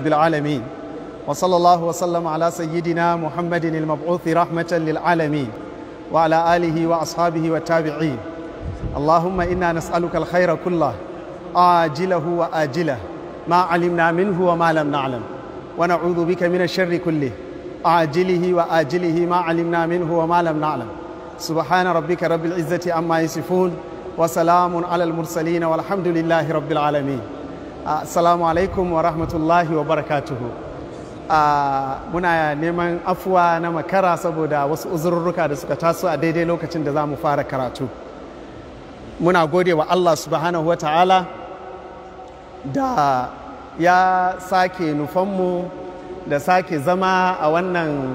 رب العالمين وصلى الله وسلم على سيدنا محمد المبعوث رحمة للعالمين وعلى آله وأصحابه والتابعين اللهم إنا نسألك الخير كله آجله وآجله ما علمنا منه وما لم نعلم ونعوذ بك من الشر كله آجله وآجله ما علمنا منه وما لم نعلم سبحان ربك رب العزة أما يصفون وسلام على المرسلين والحمد لله رب العالمين assalamu alaikum wa rahmatullahi wa barakatuhu muna neman afuwa na makara saboda wasu uzurruka da suka taso a daidai lokacin da za mu fara karatu muna gode wa allah subhanahu wa ta'ala da ya sake nufanmu da sake zama a wannan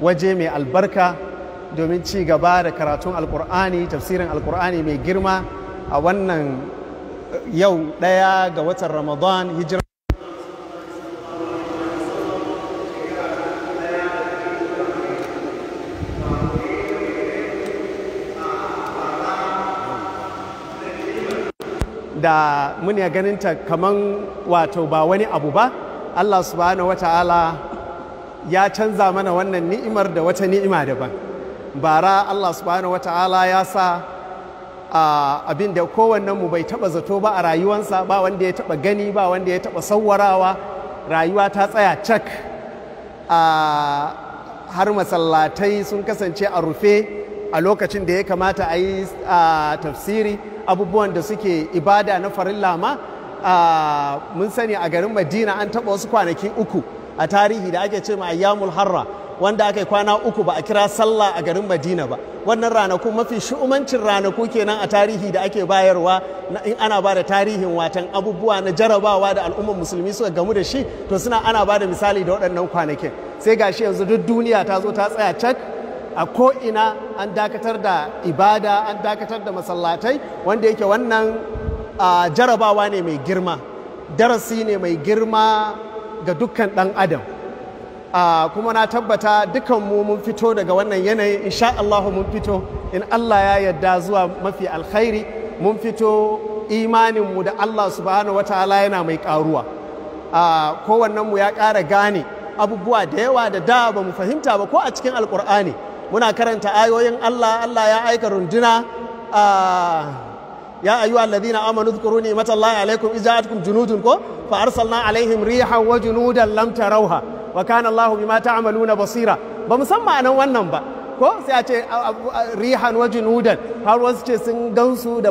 waje mai albarka domin ci gaba da karatun alkur'ani tafsirin alkur'ani mai girma a wannan yau ɗaya ga watan ramadan hijira da muni ganinta kaman wato ba wani abu ba Allah subhanahu ta'ala ya canza mana wannan ni'imar da wata ni'ima daban bara Allah subhanahu ta'ala ya sa abin da mu bai taba zato ba a rayuwansa ba wanda ya taba gani ba wanda ya taba sauwarawa rayuwa ta tsaya cak har masallatai sun kasance a rufe a lokacin da ya kamata a yi tafsiri abubuwan da suke ibada na farilla ma mun sani a garin madina an taba wasu kwanaki uku a tarihi da ake ce ma ayyamul harra wanda aka yi kwana uku ba a kira sallah a garin madina ba wannan ranaku mafi shu'umancin ranaku kenan a tarihi da ake bayarwa in ana ba da tarihin watan abubuwa na jarabawa da al'umman musulmi suka gamu da shi to suna ana ba da misali da waɗannan kwanakin sai gashi yanzu duk duniya ta zo ta tsaya cak a ko ina an dakatar da ibada an dakatar da masallatai wanda yake wannan jarabawa ne mai girma darasi ne mai girma ga dukkan ɗan adam Ah, kuma na tabbata dukan mu mun fito daga wannan yanayin, insha Allah mun fito in Allah ya yarda zuwa mafi alkhairi mun fito imaninmu da Allah subhanahu wataala yana mai karuwa ah, kowannen mu ya ƙara gane abubuwa da yawa da da ba mu fahimta ba ko a cikin alkur'ani muna karanta ayoyin Allah Allah ya aika runduna ah, ya ayyuha alladhina amanu dhkuru ni'matallahi alaikum iz junudun ko fa arsalna alaihim rihan wa junudan lam wa kana Allahu bima ta'maluna basira ba musamman anan wannan ba ko sai a ce rihan wa junudan har wasu ce sun gansu da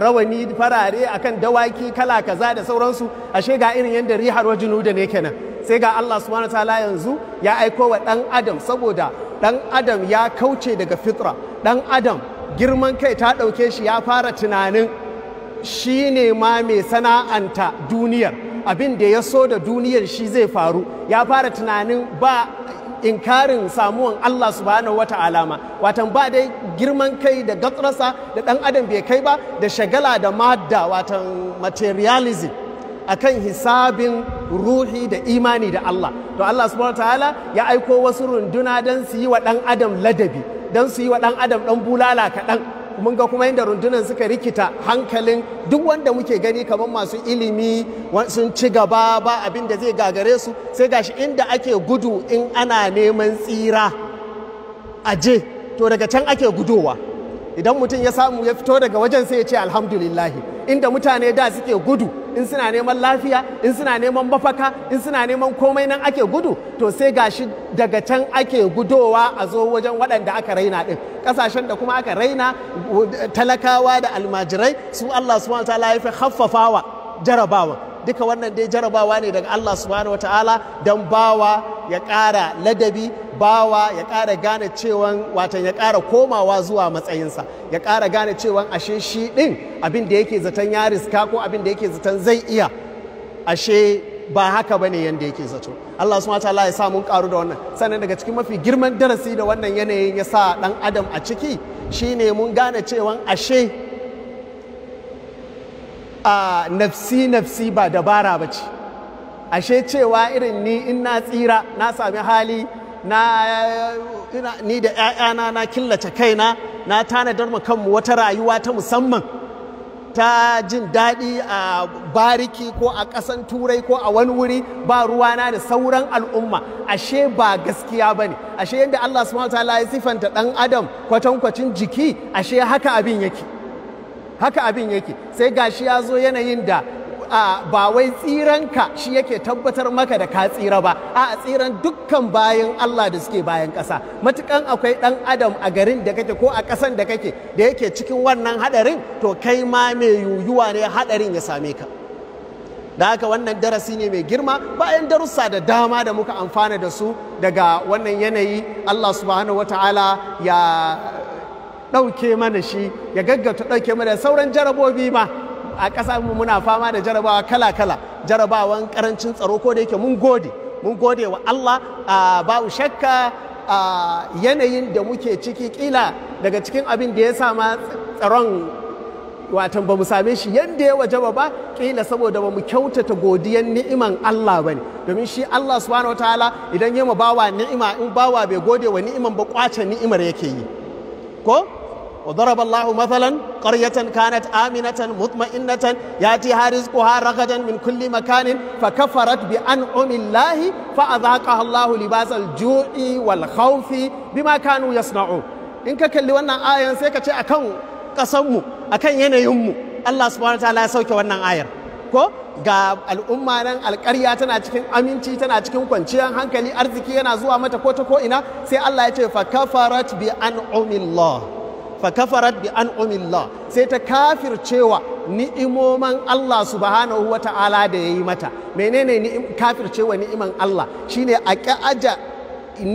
rawani farare akan dawaki kala kaza da sauransu ashe ga irin yadda rihan wa junudan yake nan sai ga Allah subhanahu ta'ala yanzu ya aiko wa dan adam saboda dan adam ya kauce daga fitra dan adam girman kai ta dauke shi ya fara tunanin shine ma mai sana'anta duniyar abin da ya so da duniyar shi zai faru ya fara tunanin ba inkarin samuwan Allah subhanahu wata alama. watan ba dai girman kai da gatsarsa da ɗan adam bai kai ba da shagala da madda watan materialism akan hisabin ruhi da imani da Allah to Allah subhanahu ta'ala ya aiko wasu runduna don su yi wa dan adam ladabi don su yi wa dan adam ɗan bulala kaɗan mun ga kuma yadda rundunar suka rikita hankalin duk wanda muke gani kamar masu ilimi sun ci gaba ba abin da zai gagare su sai gashi inda ake gudu in ana neman tsira aje to daga can ake gudowa idan mutum ya samu ya fito daga wajen sai ya ce alhamdulillahi inda mutane da suke gudu in suna neman lafiya in suna neman mafaka in suna neman komai nan ake gudu to sai gashi daga can ake gudowa a zo wajen waɗanda aka raina ɗin ƙasashen da kuma aka raina talakawa da almajirai su Allah su wa ta ya fi haffafawa jarabawa duka wannan dai jarabawa ne daga Allah subhanahu ta'ala dan bawa ya ƙara ladabi bawa ya ƙara gane cewan watan ya ƙara komawa zuwa matsayinsa ya ƙara gane cewan ashe shi ɗin abin da yake zaton ya riska ko abin da yake zaton zai iya ashe ba haka bane yadda yake zato Allah subhanahu wataala ya sa mun karu da wannan sannan daga cikin mafi girman darasi da wannan yanayin ya sa dan adam a ciki shine mun gane cewan ashe a nafsi nafsi ba dabara ba ce ashe cewa irin ni in na tsira na sami hali na ni da 'ya'yana na killace kaina na tanadar mu kanmu wata rayuwa ta musamman ta jin daɗi a bariki ko a ƙasan turai ko a wani wuri ba ruwana da sauran al'umma ashe ba gaskiya ba ne ashe yadda allah subhanahu ya sifanta ɗan adam kwatankwacin jiki ashe haka abin yake haka abin yake sai gashi ya zo yanayin da ba wai tsiranka shi yake tabbatar maka da ka tsira ba a tsiran dukkan bayan Allah da suke bayan ƙasa matukan akwai ɗan adam a garin da kake ko a ƙasan da kake da yake cikin wannan haɗarin to kai ma mai yuyuwa ne haɗarin ya same ka da haka wannan darasi ne mai girma bayan darussa da dama da muka amfana da su daga wannan yanayi Allah subhanahu wataala ya ɗauke mana shi ya gaggauta ɗauke mana sauran jarabobi ma a ƙasa mu muna fama da jarabawa kala-kala jarabawan ƙarancin tsaro ko da yake mun gode mun gode wa Allah babu shakka yanayin da muke ciki kila daga cikin abin da ya sa sama tsaron watan ba mu same shi yadda ya wajaba ba ƙila saboda ba mu kyautata godiyan ni'iman Allah ba ne domin shi Allah subhanahu idan ya ma bawa ni'ima in bawa bai gode wa ni'iman ba kwace ni'imar yake yi ko وضرب الله مثلا قرية كانت آمنة مطمئنة يأتيها رزقها رغدا من كل مكان فكفرت بأنعم الله فأذاقها الله لباس الجوع والخوف بما كانوا يصنعون إنك كل وانا آية سيكا أكن قسمو أكن ينيمو الله سبحانه وتعالى سوك وانا آية ko ga al'umma nan alƙarya tana cikin aminci tana cikin kwanciyar hankali arziki yana zuwa mata ko ta ko ina sai Allah ya ce fa kafarat bi an'umillah fa kafarat bi an an'umillah sai ta kafir cewa ni'imoman Allah subhanahu wa ta'ala da yayi mata menene kafir cewa ni'iman Allah shine a aja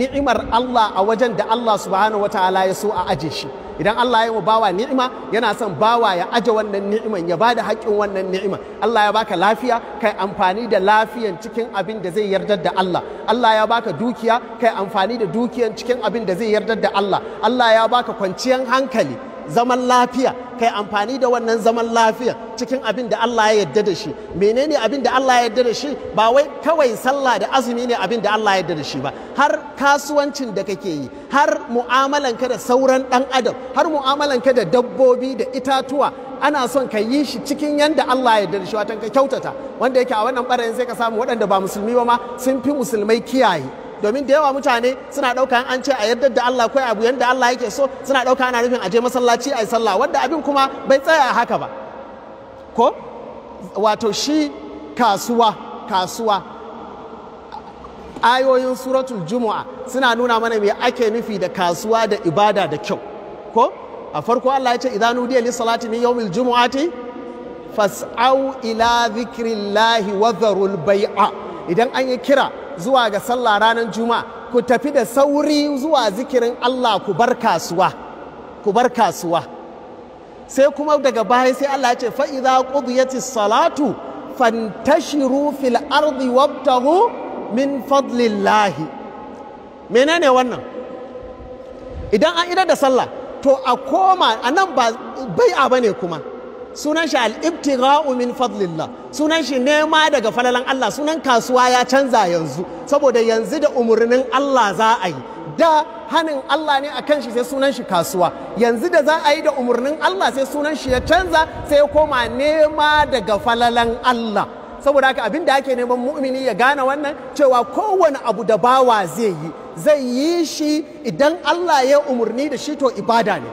ni'imar Allah a wajen da Allah subhanahu wa ta'ala ya so a aje shi idan Allah ya yi bawa ni'ima yana son bawa ya aje wannan ni'iman ya bada haƙƙin wannan ni'iman Allah ya baka lafiya kai amfani da lafiyan cikin abin da zai yarda da Allah Allah ya baka dukiya kai amfani da dukiyan cikin abin da zai yarda da Allah Allah ya baka kwanciyar hankali zaman lafiya kai amfani da wannan zaman lafiya cikin abin da Allah ya yarda da shi menene abin da Allah ya yarda da shi ba wai kawai sallah da azumi ne abin da Allah ya yarda da shi ba har kasuwancin da kake yi har mu'amalan ka da sauran dan adam har mu'amalan ka da dabbobi da itatuwa ana son ka yi shi cikin yanda Allah ya yarda da shi watan ka kyautata wanda yake a wannan barayin sai ka samu waɗanda ba musulmi ba ma sun fi musulmai kiyaye domin da yawa mutane suna ɗauka an ce a yadda da Allah ko abu yadda Allah yake so suna ɗauka ana nufin aje masallaci a yi sallah wanda abin kuma bai tsaya haka ba ko wato shi kasuwa kasuwa ayoyin suratul jumu'a suna nuna mana me ake nufi da kasuwa da ibada da kyau ko a farko Allah ya ce idan nudiya li salati min yawmil jumu'ati fas'au ila dhikrillahi wa dharul bai'a idan an yi kira zuwa ga sallah ranar juma'a ku tafi da sauri zuwa zikirin Allah ku bar kasuwa ku bar kasuwa sai kuma daga baya sai Allah ya ce fa idza qudiyatis salatu fantashiru fil ardi wabtahu min fadlillah menene wannan idan an idar da sallah to a koma anan ba bai'a bane kuma sunan shi al ra'umin, min fadlillah sunan shi nema daga falalan Allah sunan kasuwa ya canza yanzu saboda yanzu da umarnin Allah za a yi da hanin Allah ne akan shi sai sunan shi kasuwa yanzu da za a yi da umarnin Allah sai sunan shi ya canza sai ya koma nema daga falalan Allah saboda haka abin da ake neman mu'mini ya gane wannan cewa kowane abu da bawa zai yi zai yi shi idan Allah ya umarni da shi to ibada ne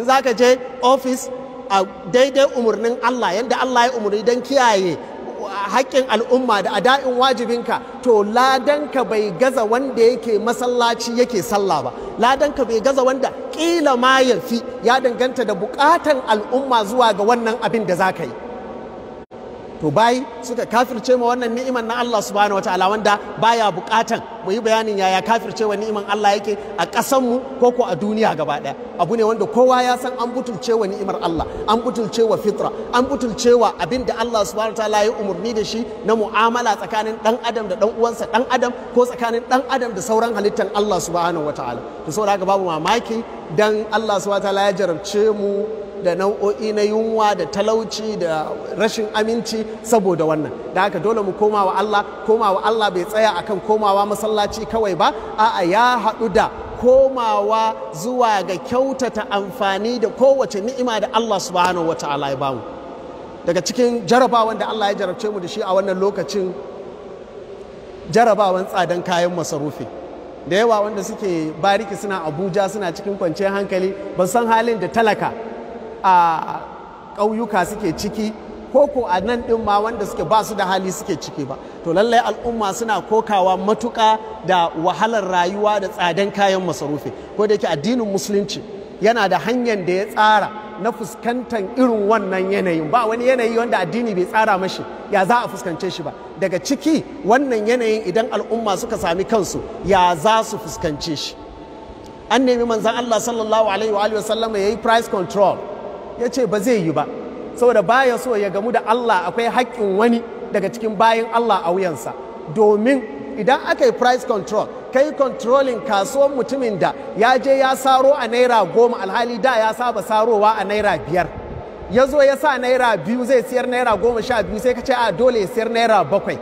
in za ka je ofis? a daidai umarnin Allah yadda Allah ya umarni don kiyaye haƙƙin al'umma da ada'in wajibinka to ladanka bai gaza wanda yake masallaci yake sallah ba ladanka bai gaza wanda ƙila ma ya fi ya danganta da buƙatan al'umma zuwa ga wannan abin da za ka yi to bai suka kafirce ma wannan ni'imar na Allah subhanahu wataala wanda baya buƙatan mu yi bayanin yaya kafircewa ni'imar Allah yake a ƙasanmu ko ko a duniya gaba ɗaya abu ne wanda kowa ya san an butulcewa ni'imar Allah an butulcewa fitra an butulcewa abin da Allah subhanahu ta'ala ya umarni da shi na mu'amala tsakanin ɗan adam da ɗan uwansa dan adam ko tsakanin ɗan adam da sauran halittan Allah subhanahu wataala to saboda haka babu mamaki dan Allah subhanahu ta'ala ya jarabce mu da nau'o'i na yunwa da talauci da rashin aminci saboda wannan da haka dole mu koma wa Allah komawa Allah bai tsaya akan komawa masallaci masallaci kawai ba a'a ya haɗu da komawa zuwa ga kyautata amfani da kowace ni'ima da Allah subhanahu wa ta'ala ya bamu daga cikin jarabawan da Allah ya jarabce mu da shi a wannan lokacin jarabawan tsadan kayan masarufi da yawa wanda suke bariki suna abuja suna cikin kwanciyar hankali ban san halin da talaka a ƙauyuka suke ciki Koko a nan ɗin ma wanda suke ba su da hali suke ciki ba to lallai al'umma suna kokawa matuƙa da wahalar rayuwa da tsadan kayan masarufi ko da yake addinin musulunci yana da hanyar da ya tsara na fuskantar irin wannan yanayin ba wani yanayi wanda addini bai tsara mashi ya za a fuskance shi ba daga ciki wannan yanayin idan al'umma suka sami kansu ya za su fuskance shi an nemi manzan Allah sallallahu alaihi wa sallama ya yi price control ya ce ba zai yi ba saboda baya so ya gamu da Allah akwai haƙƙin wani daga cikin bayan Allah a wuyansa domin idan aka yi price control kai controlling kasuwan mutumin da ya je ya saro a naira goma alhali da ya saba sarowa a naira biyar ya zo ya sa naira biyu zai siyar naira goma sha biyu sai ka ce a dole ya siyar naira bakwai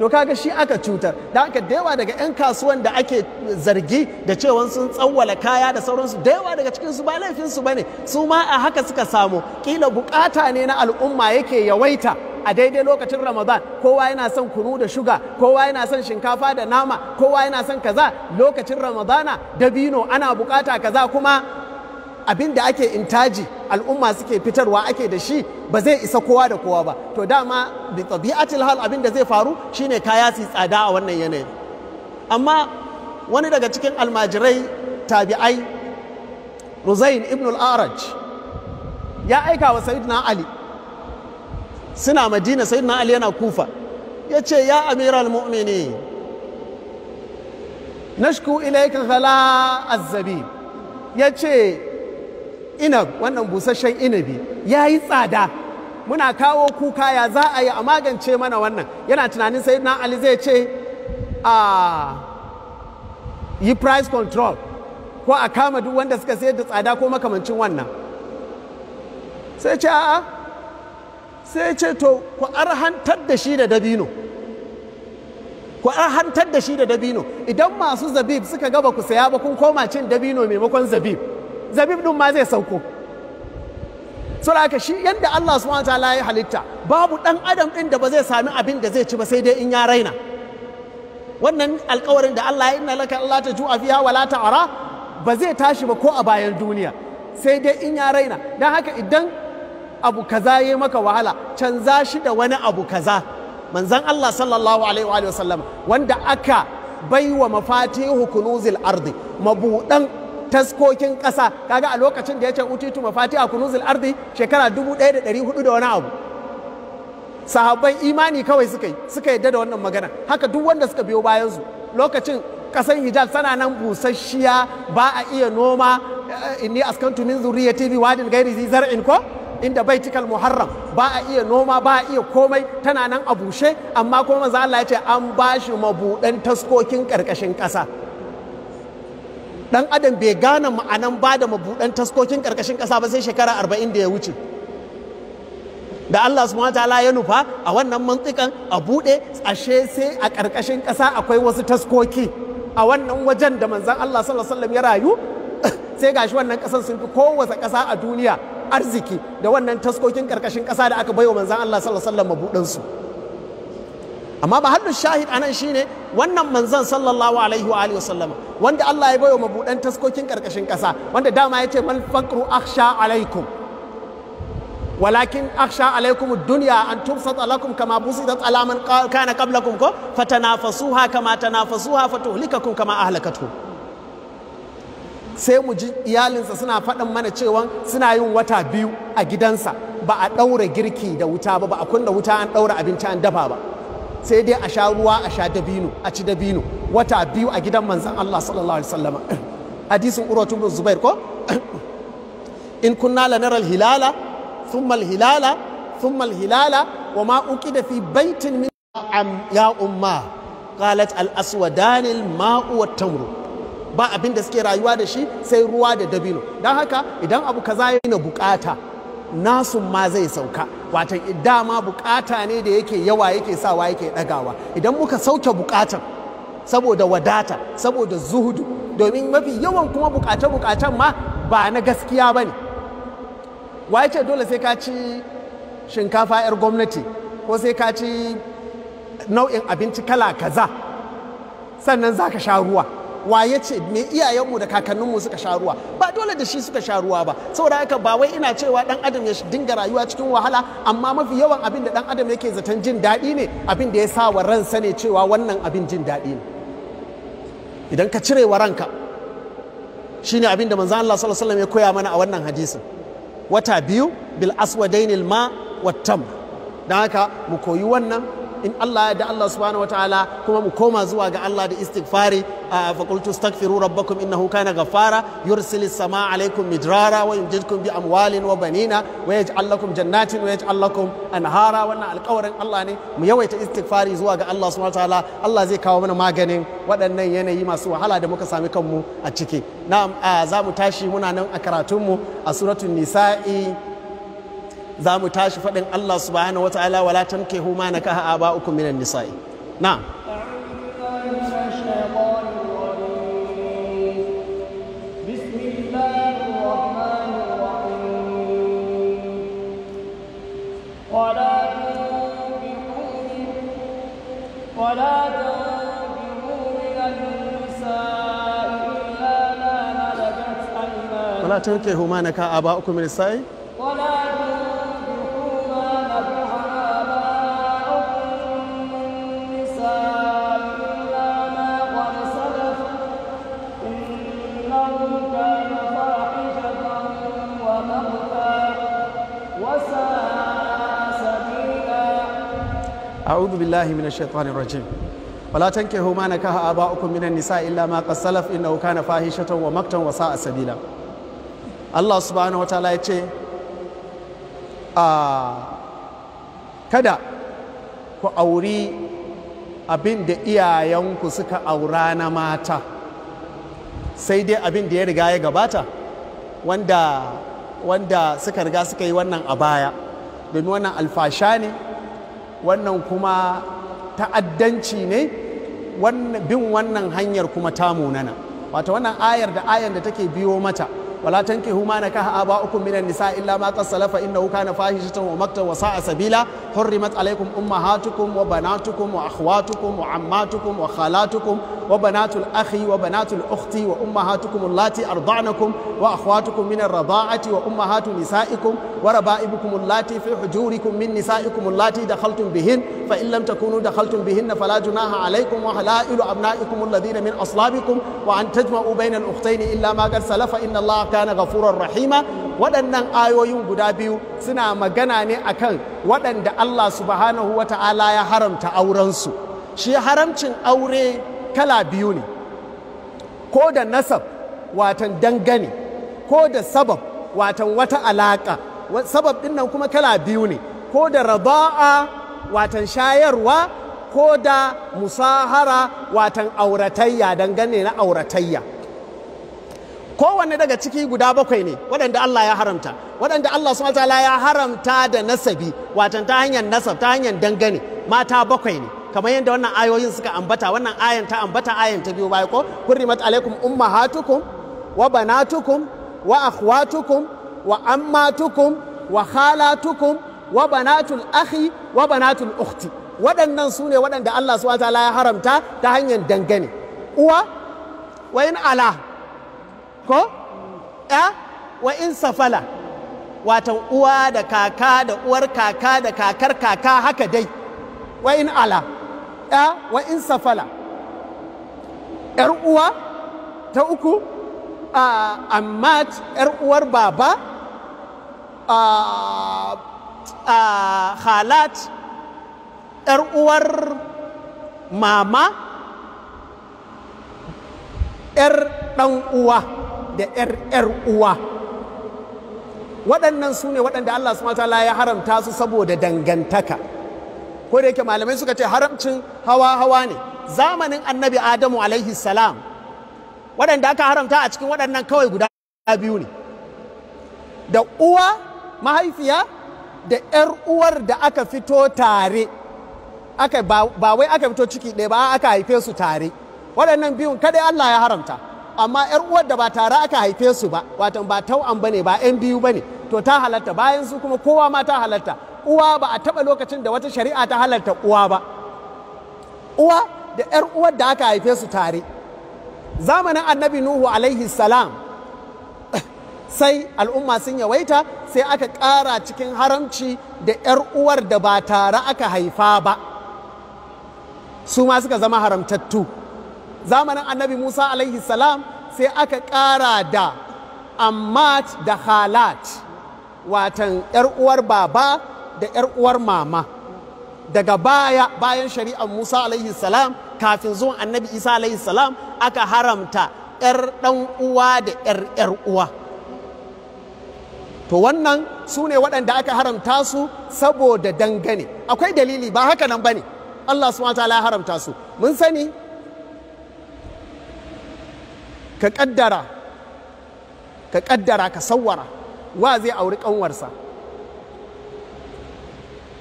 to kaga shi aka cutar da aka da daga 'yan kasuwan da ake zargi da cewa sun tsawwala kaya da sauransu da daga cikin su ba laifin su bane su ma a haka suka samu kila bukata ne na al'umma yake yawaita a daidai lokacin ramadan kowa yana son kunu da shuga kowa yana son shinkafa da nama kowa yana son kaza lokacin ramadana dabino ana bukata kaza kuma abin da ake intaji al'umma suke fitarwa ake da shi ba zai isa kowa da kowa ba to dama bi tabi'atil hal abin da zai faru shine kaya su tsada a wannan yanayin amma wani daga cikin almajirai tabi'ai ruzain ibn al-araj ya aika wa sayyidina ali suna madina sayyidina ali yana kufa ya ce ya amiral mu'mini nashku ilayka ghala az-zabib ya ce inab wannan busasshen inabi ya yi tsada muna kawo kuka ya za a yi a magance mana wannan yana tunanin sai na ali zai ce a yi price control ko a kama duk wanda suka sayar da tsada ko makamancin wannan sai ce a'a sai ce to ku arhantar da shi da dabino ku arhantar da shi da dabino idan masu zabib suka gaba ku saya ba kun koma cin dabino maimakon zabib zabib din ma zai sauko saboda shi yadda Allah subhanahu ta'ala ya halitta babu ɗan adam ɗin da ba zai sami abin da zai ci ba sai dai in ya raina wannan alkawarin da Allah ya inna laka Allah ta ju'a fiha la ta'ara ba zai tashi ba ko a bayan duniya sai dai in ya raina dan haka idan abu kaza yayi maka wahala canza shi da wani abu kaza manzon Allah sallallahu alaihi wa sallam wanda aka baiwa mafatihu kunuzil ardi mabudan taskokin ƙasa kaga a lokacin da ya ce utitu mafati a kunuzul ardi shekara dubu ɗaya da ɗari hudu da wani abu sahabban imani kawai suka yi suka yadda da wannan magana haka duk wanda suka biyo su lokacin ƙasan hijab tana nan busasshiya ba a iya noma eh, inni askantu min zuriya TV wadin gairi zar'in ko inda baitikal muharram ba a iya noma ba a iya komai tana nan a bushe amma kuma manzo Allah ya ce an bashi mabuɗan taskokin ƙarƙashin ƙasa dan adam bai gane ma'anan ba da mabuɗan taskokin ƙarƙashin ƙasa ba sai shekara arba'in da ya wuce da Allah subhanahu ta'ala ya nufa a wannan mantsikan a buɗe ashe sai a ƙarƙashin ƙasa akwai wasu taskoki a wannan wajen da manzan Allah sallallahu ya rayu sai gashi wannan ƙasar sun fi kowace ƙasa a duniya arziki da wannan taskokin ƙarƙashin ƙasa da aka baiwa manzan Allah sallallahu alaihi mabuɗansu amma ba haddu shahid anan ne wannan manzon sallallahu alaihi wa alihi wanda Allah ya bayo mabudan taskokin karkashin kasa wanda dama yace mal faqru akhsha alaikum walakin akhsha alaikum ad-dunya an tubsata lakum kama busitat ala man kana qablakum ko fatanafasuha kama tanafasuha fatuhlikakum kama ahlakatu sai mu ji iyalinsa suna faɗin mana cewa suna yin wata biyu a gidansa ba a ɗaura girki da wuta ba ba a kunna wuta an ɗaura abinci an dafa ba sai dai a sha ruwa a sha dabino a ci dabino wata biyu a gidan manzan Allah sallallahu alaihi wasallama hadisin urwatu bin zubair ko in kunna la nara hilala thumma hilala thumma hilala wa ma uqida fi baitin min ya umma qalat al aswadan al ma'u wat tamru ba abin da suke rayuwa da shi sai ruwa da dabino dan haka idan abu kaza yana bukata nasun ma zai sauka watan dama bukata ne da yake yawa yake sawa yake dagawa idan muka sauke bukatan saboda wadata saboda zuhudu domin mafi yawan kuma bukace-bukacen ma ba na gaskiya ba ne yake dole sai ka ci shinkafa 'yar gwamnati ko sai ka ci nau'in abinci kala kaza sannan za ka sha ruwa wa ya ce me iyayenmu da kakanninmu suka sha ruwa ba dole da shi suka sha ruwa ba saboda haka ba wai ina cewa dan adam ya dinga rayuwa cikin wahala amma mafi yawan abin da dan adam yake zaton jin daɗi ne abin da ya sa wa ransa ne cewa wannan abin jin daɗi ne idan ka cire wa ranka shine abin da manzo Allah sallallahu alaihi wasallam ya koya mana a wannan hadisin wata biyu bil aswadainil ma wattam. dan haka mu koyi wannan in Allah ya da Allah subhanahu wataala kuma mu koma zuwa ga Allah da istighfari fa qultu astaghfiru rabbakum innahu kana ghaffara yursil samaa alaikum midrara wa yumdidkum bi amwalin wa banina wa yaj'al lakum jannatin wa yaj'al lakum anhara wannan alƙawarin Allah ne mu yawaita istighfari zuwa ga Allah subhanahu wataala Allah zai kawo mana maganin waɗannan yanayi masu wahala da muka sami kanmu a ciki na'am za mu tashi muna nan a karatunmu a suratul nisa'i za mu tashi fadin Allah subhanahu wata'ala wala tankihu ma nakaha aba'ukum minan nisa'i na'am ولا ولا تنكحوا ما نكح آباؤكم من السائل billahi minash shaitanir rajim wala tankihu ma nakaha aba'ukum minan nisa illa ma qad salaf innahu kana fahishatan wa maktan wa sa'a sabila Allah subhanahu wataala ya ce kada ku auri abinda iyayenku suka aura na mata sai dai abin da ya riga ya gabata wanda suka riga suka yi wannan a baya domin alfasha ne wannan kuma ta'addanci ne bin wannan hanyar kuma ta munana wata wannan ayar da ayar da take biyo mata wala tankihu ma nakaha aba'ukum minan nisa illa ma in salafa innahu kana fahishatan wa maktan wa sa'a sabila حرمت عليكم أمهاتكم وبناتكم وأخواتكم وعماتكم وخالاتكم وبنات الأخ وبنات الأخت وأمهاتكم اللاتي أرضعنكم وأخواتكم من الرضاعة وأمهات نسائكم وربائبكم اللاتي في حجوركم من نسائكم اللاتي دخلتم بهن فإن لم تكونوا دخلتم بهن فلا جناح عليكم وحلائل أبنائكم الذين من أصلابكم وأن تجمعوا بين الأختين إلا ما قد سلف إن الله كان غفورا رحيما waɗannan ayoyin guda biyu suna magana ne akan waɗanda Allah subhanahu wa ta'ala ya haramta aurensu shi haramcin aure kala biyu ne ko da nasab watan dangane ko da sabab watan wata alaƙa sabab ɗin nan kuma kala biyu ne ko da raba'a watan shayarwa ko da musahara watan auratayya dangane na auratayya kowanne daga ciki guda bakwai ne waɗanda Allah ya haramta waɗanda Allah subhanahu wataala ya haramta da nasabi watan ta hanyar nasab ta hanyar dangane mata bakwai ne kamar yadda wannan ayoyin suka ambata wannan ayan ta ambata ayan ta biyu bai ko kurrimat alaikum ummahatukum wa banatukum wa akhwatukum wa ammatukum wa khalatukum wa banatul akhi wa banatul ukhti waɗannan su ne waɗanda Allah subhanahu wataala ya haramta ta hanyar dangane uwa wa ala ko ya wa in safala watan uwa da kaka da uwar kaka da kakar kaka haka dai wa in ala ya wa in safala yar uwa ta uku a amma yar uwar baba a halat yar uwar mama yar dan uwa da ‘yar ‘yar uwa waɗannan su ne waɗanda Allah su mata ya haramta su saboda dangantaka ko da yake malamai suka ce haramcin hawa hawa ne zamanin annabi adamu alaihi salam waɗanda aka haramta a cikin waɗannan kawai guda biyu ne da uwa mahaifiya da ‘yar uwar da aka fito tare aka ba wai aka fito ciki ɗaya ba aka haife su tare waɗannan biyun kadai Allah ya haramta amma yar uwar da ba tare aka haife su ba watan ba tau'an bane ba yan biyu bane to ta halatta bayan su kuma kowa ma ta halatta uwa ba a taba lokacin da wata shari'a ta halatta uwa ba uwa da yar uwar da aka haife su tare zamanin annabi nuhu alaihi salam sai al'umma sun yawaita sai aka ƙara cikin haramci da yar uwar da ba tare aka haifa ba su ma suka zama haramtattu zamanin annabi musa alaihi salam sai aka ƙara da ammat da halat watan yar uwar baba da yar uwar mama daga baya bayan shari'ar musa alaihi salam kafin zuwan annabi isa alaihi salam aka haramta yar uwa da yar yar uwa to wannan sune waɗanda aka haramta su saboda dangane akwai dalili ba haka nan ba ne allah subhanahu wa ta'ala ya haramta su mun sani ka ƙaddara ka kaddara ka sawara wa zai auri ƙanwarsa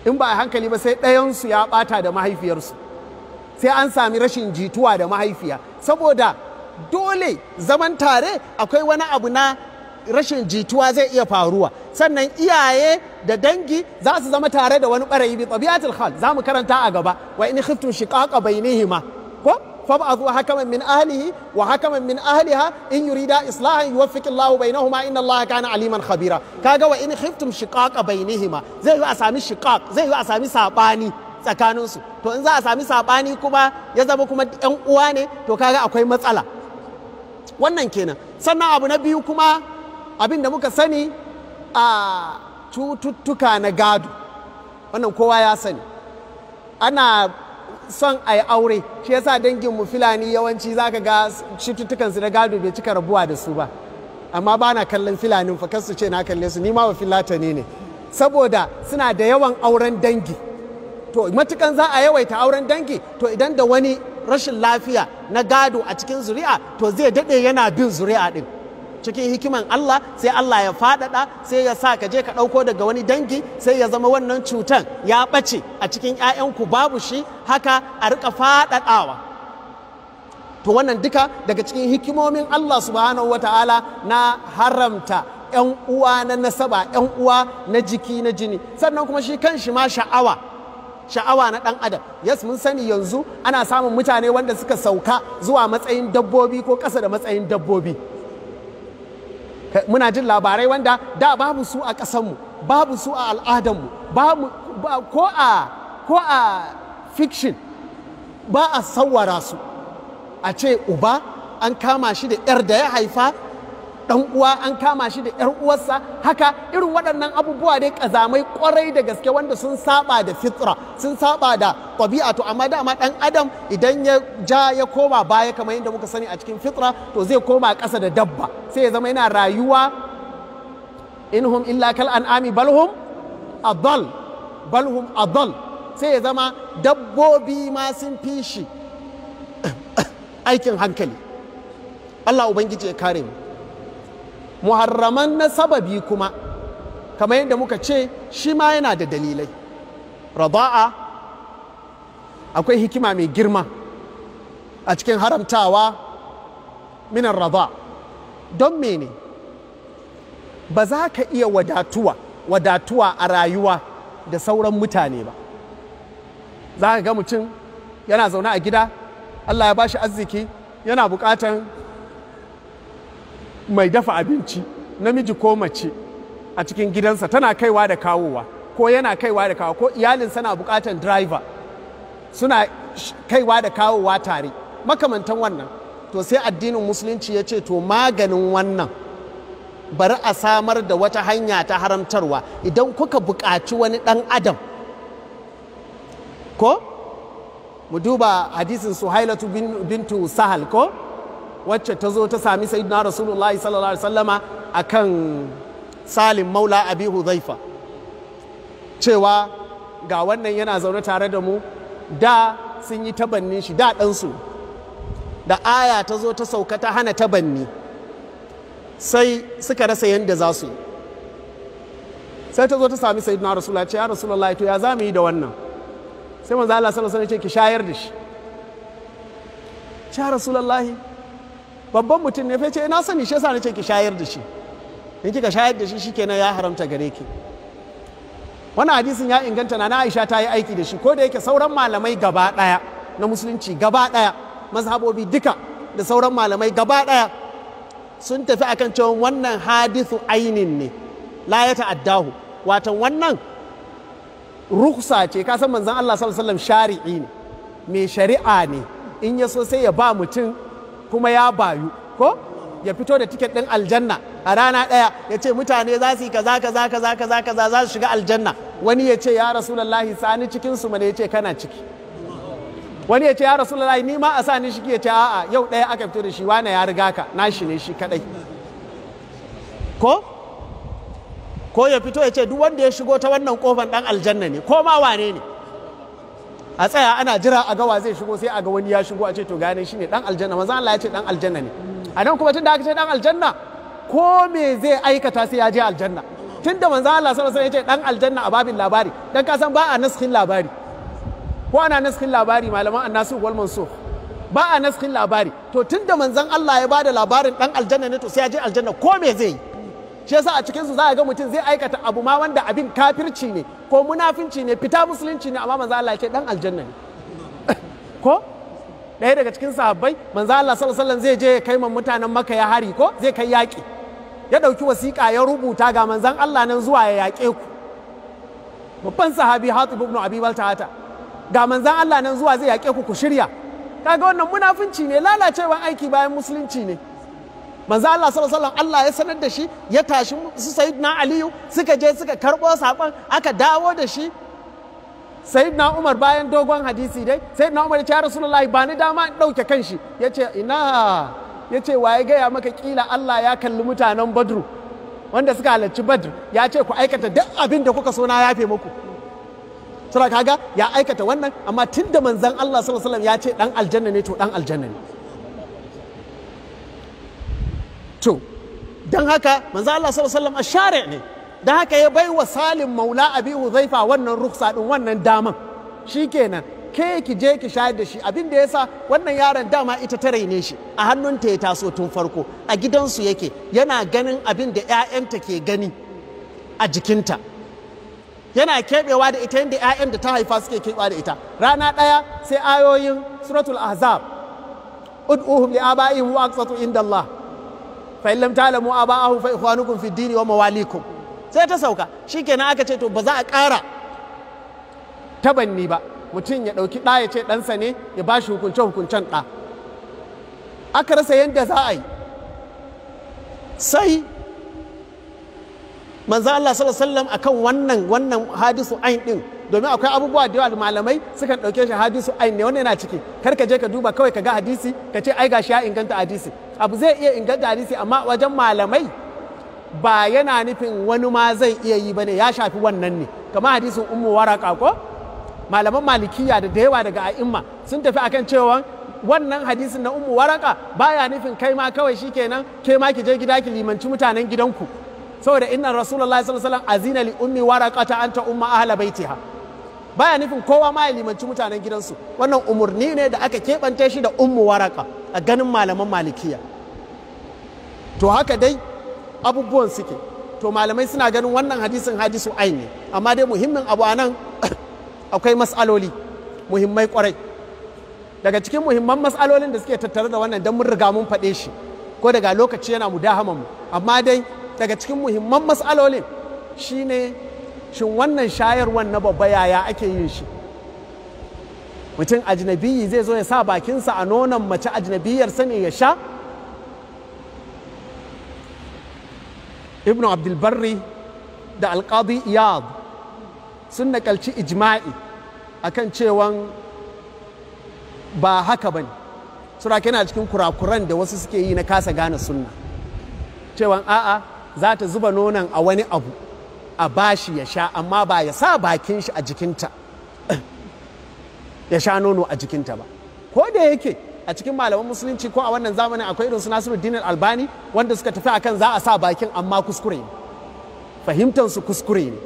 in ba a hankali ba sai ɗayansu ya ɓata da mahaifiyarsu sai an sami rashin jituwa da mahaifiya saboda dole zaman tare akwai wani abu na rashin jituwa zai iya faruwa sannan iyaye da dangi za su zama tare da wani ɓarayi bi tsabiyatul hal za mu karanta a gaba wa in khiftum shiqaqa bainihima فابعثوا حكما من أهله وحكما من أهلها إن يريدا إصلاحا يوفق الله بينهما إن الله كان عليما خبيرا كاغا وإن خفتم شقاق بينهما زي أسامي شقاق زي أسامي ساباني tsakaninsu to in za a sami saɓani kuma ya zama kuma yan uwa ne to kaga akwai matsala wannan kenan sannan abu na biyu kuma abin da muka sani a cututtuka na gado wannan kowa ya sani ana son a yi aure shi yasa dangin mu filani yawanci zaka ga cututtukan su da gado bai cika rabuwa da su ba amma ba na kallon filanin fa kasu ce na kalle su ni ma wa filata ne ne saboda suna da yawan auren dangi to matukan za a yawaita auren dangi to idan da wani rashin lafiya na gado a cikin zuri'a to zai daɗe yana bin zuri'a ɗin cikin hikiman Allah sai Allah ya faɗaɗa sai ya sa ka je ka ɗauko daga wani dangi sai ya zama wannan cutan ya ɓace a cikin 'ya'yanku babu shi haka a riƙa faɗaɗawa to wannan duka daga cikin hikimomin Allah subhanahu ta'ala na haramta 'yan uwa na nasaba 'yan uwa na jiki na jini sannan kuma shi kan shi ma sha'awa sha'awa na ɗan adam yes mun sani yanzu ana samun mutane wanda suka sauka zuwa matsayin dabbobi ko ƙasa da matsayin dabbobi muna jin labarai wanda da babu su a ƙasanmu babu su a al'adanmu ko a ko a fiction ba a sawara su a ce uba an kama shi da 'yar da ya haifa Ɗan uwa an kama shi da yar uwarsa haka irin waɗannan abubuwa dai ƙazamai ƙwarai da gaske wanda sun saba da fitra sun saba da ɗabi'a to amma dama dan adam idan ya ja ya koma baya kamar yadda muka sani a cikin fitra to zai koma ƙasa da dabba sai ya zama yana rayuwa inhum illa kal an'ami balhum adall balhum adall sai ya zama dabbobi ma sun fi shi aikin hankali Allah Ubangiji ya kare mu muharraman na sababi kuma kamar yadda muka ce shi ma yana da dalilai rada'a akwai hikima mai girma a cikin haramtawa minan rada don mene ba za ka iya wadatuwa wadatuwa a rayuwa da sauran mutane ba za ka ga mutum yana zaune a gida allah ya bashi arziki yana bukatan mai dafa abinci namiji ko mace a cikin gidansa tana kaiwa da kawowa ko yana kaiwa da kawowa ko iyalinsa na bukatan driver suna kaiwa da kawowa tare makamantan wannan to sai addinin musulunci ya ce to maganin wannan bari a samar da wata hanya ta haramtarwa idan kuka buƙaci wani ɗan adam ko mu duba hadisin suhailatu bintu sahal ko wacce ta zo ta sami sayyidina rasulullahi sallallahu alaihi wasallama akan salim maula abi huzaifa cewa ga wannan yana zaune tare da mu da sun yi tabannin shi da ɗansu da aya ta zo ta sauka ta hana tabanni sai suka rasa yadda za su yi sai ta zo ta sami sayyidina rasulullahi ce ya rasulullahi to ya za mu yi da wannan sai manzo Allah sallallahu alaihi wasallam ce ki shayar da shi ya rasulullahi babban mutum ne fece ina na sani shi yasa nace ki shayar da shi in kika shayar da shi shikenan ya haramta gare ki wannan hadisin ya inganta na Aisha ta yi aiki da shi ko da yake sauran malamai gaba daya na musulunci gaba daya mazhabobi duka da sauran malamai gaba daya sun tafi akan cewa wannan hadisu ainin ne la ya ta'addahu watan wannan ruksa ce ka san manzon Allah sallallahu alaihi wasallam shari'i ne mai shari'a ne in ya so sai ya ba mutum kuma ya bayu ko ya fito da tiket ɗin aljanna a rana ɗaya ya ce mutane za su yi kaza kaza kaza kaza kaza za su shiga aljanna wani ya ce ya rasulallahi sani cikin su mana ya ce kana ciki wani ya ce ya rasulallahi ni ma a sani shi ya ce a'a yau ɗaya aka fito da shi wane ya riga ka nashi ne shi kadai. ko ko ya fito ya ce duk wanda ya shigo ta wannan kofan ɗan aljanna ne ko ma wane ne a tsaya ana jira a gawa zai shigo sai a ga wani ya shigo a ce to ganin shine dan aljanna manzo Allah ya ce dan aljanna ne a nan kuma tunda aka ce dan aljanna ko me zai aikata sai ya je aljanna tunda manzo Allah sallallahu alaihi wasallam ya ce dan aljanna a babin labari dan ka san ba a naskhin labari ko ana naskhin labari malaman annasu wal mansukh ba a naskhin labari to tunda manzon Allah ya bada labarin dan aljanna ne to sai ya je aljanna ko me zai yi shi yasa a cikinsu za a ga mutum zai aikata abu ma wanda abin kafirci ne ko munafinci ne fita musulunci ne amma manzo Allah ce dan aljanna ne ko ɗaya daga cikin sahabbai manzo Allah sallallahu alaihi wasallam zai je ya kai man mutanen Makka ya hari ko zai kai yaƙi ya dauki wasiƙa ya rubuta ga manzon Allah nan zuwa ya yaƙe ku babban sahabi Hatib ibn Abi Baltata ga manzon Allah nan zuwa zai yaƙe ku ku shirya kaga wannan munafinci ne lalacewan aiki bayan musulunci ne manzo Allah sallallahu alaihi Allah ya sanar da shi ya tashi su sayyidina Aliyu suka je suka karbo sakon aka dawo da shi sayyidina Umar bayan dogon hadisi dai sayyidina Umar ya ce Rasulullahi ba ni dama in dauke kanshi yace ina yace waye gaya maka kila Allah ya kalli mutanen Badru wanda suka halarci Badr yace ku aikata duk abin da kuka so na yafe muku sura kaga ya aikata wannan amma tunda manzon Allah sallallahu alaihi wasallam ya ce dan aljanna ne to dan aljanna ne to don haka manzo Allah sallallahu alaihi wasallam ne don haka ya bai wa salim maula abi huzaifa wannan ruksa din wannan daman shikenan ke ki je ki shayar da shi abin da yasa wannan yaron dama ita ta raine shi a hannunta ya taso tun farko a gidansu yake yana ganin abin da 'ya'yanta ke gani a jikinta yana keɓewa da ita yadda 'ya'yan da ta haifa suke keɓewa da ita rana ɗaya sai ayoyin suratul ahzab ud'uhum li abaihim wa aqsatu inda fa illam ta'lamu aba'ahu fa ikhwanukum fid dini wa mawalikum sai ta sauka shikenan aka ce to ba za a ƙara tabanni ba mutum ya ɗauki ɗa ya ce ɗansa ne ya ba shi hukunce hukuncen ɗa aka rasa yadda za a yi sai manzo Allah sallallahu alaihi wasallam akan wannan wannan hadisu ain din domin akwai abubuwa da yawa malamai sukan ɗauke shi hadisu ai ne wannan yana ciki kar ka je ka duba kawai ka ga hadisi ka ce ai gashi ya inganta hadisi abu zai iya inganta hadisi amma wajen malamai ba yana nufin wani ma zai iya yi bane ya shafi wannan ne kamar hadisin ummu waraka ko malaman malikiya da da yawa daga a'imma sun tafi akan cewa wannan hadisin na ummu waraka baya nufin kai ma kawai shikenan ke ma ki je gida ki limanci mutanen gidanku saboda inna rasulullahi sallallahu alaihi wasallam azina li ummi ta anta umma ahla baitiha baya nufin kowa ma ya limanci mutanen gidansu wannan umarni ne da aka keɓanta shi da ummu waraka a ganin malaman malikiya to haka dai abubuwan suke to malamai suna ganin wannan hadisin hadisu aini amma dai muhimmin abu a nan akwai matsaloli muhimmai kwarai daga cikin muhimman matsalolin da suke tattare da wannan don mun riga mun faɗe shi ko daga lokaci yana mu mu amma dai daga cikin muhimman matsalolin shine shin wannan shayarwan na babba yaya ake yin shi mutum ajnabiyi zai zo ya sa bakinsa a nonon mace ajnabiyar sani ya sha ibn abdulbarri da alkadi iyad sun nakalci ijma'i akan cewan ba haka ba ne sura yana cikin kurakuran da wasu suke yi na kasa gane sunna cewan a'a za ta zuba nonon a wani abu a bashi ya sha amma ba ya sa bakin shi a jikinta ya sha nono a jikinta ba ko da yake a cikin malaman musulunci ko a wannan zamanin akwai irin su dinar Albani wanda suka tafi akan za a sa bakin amma kuskure ne fahimtar kuskure ne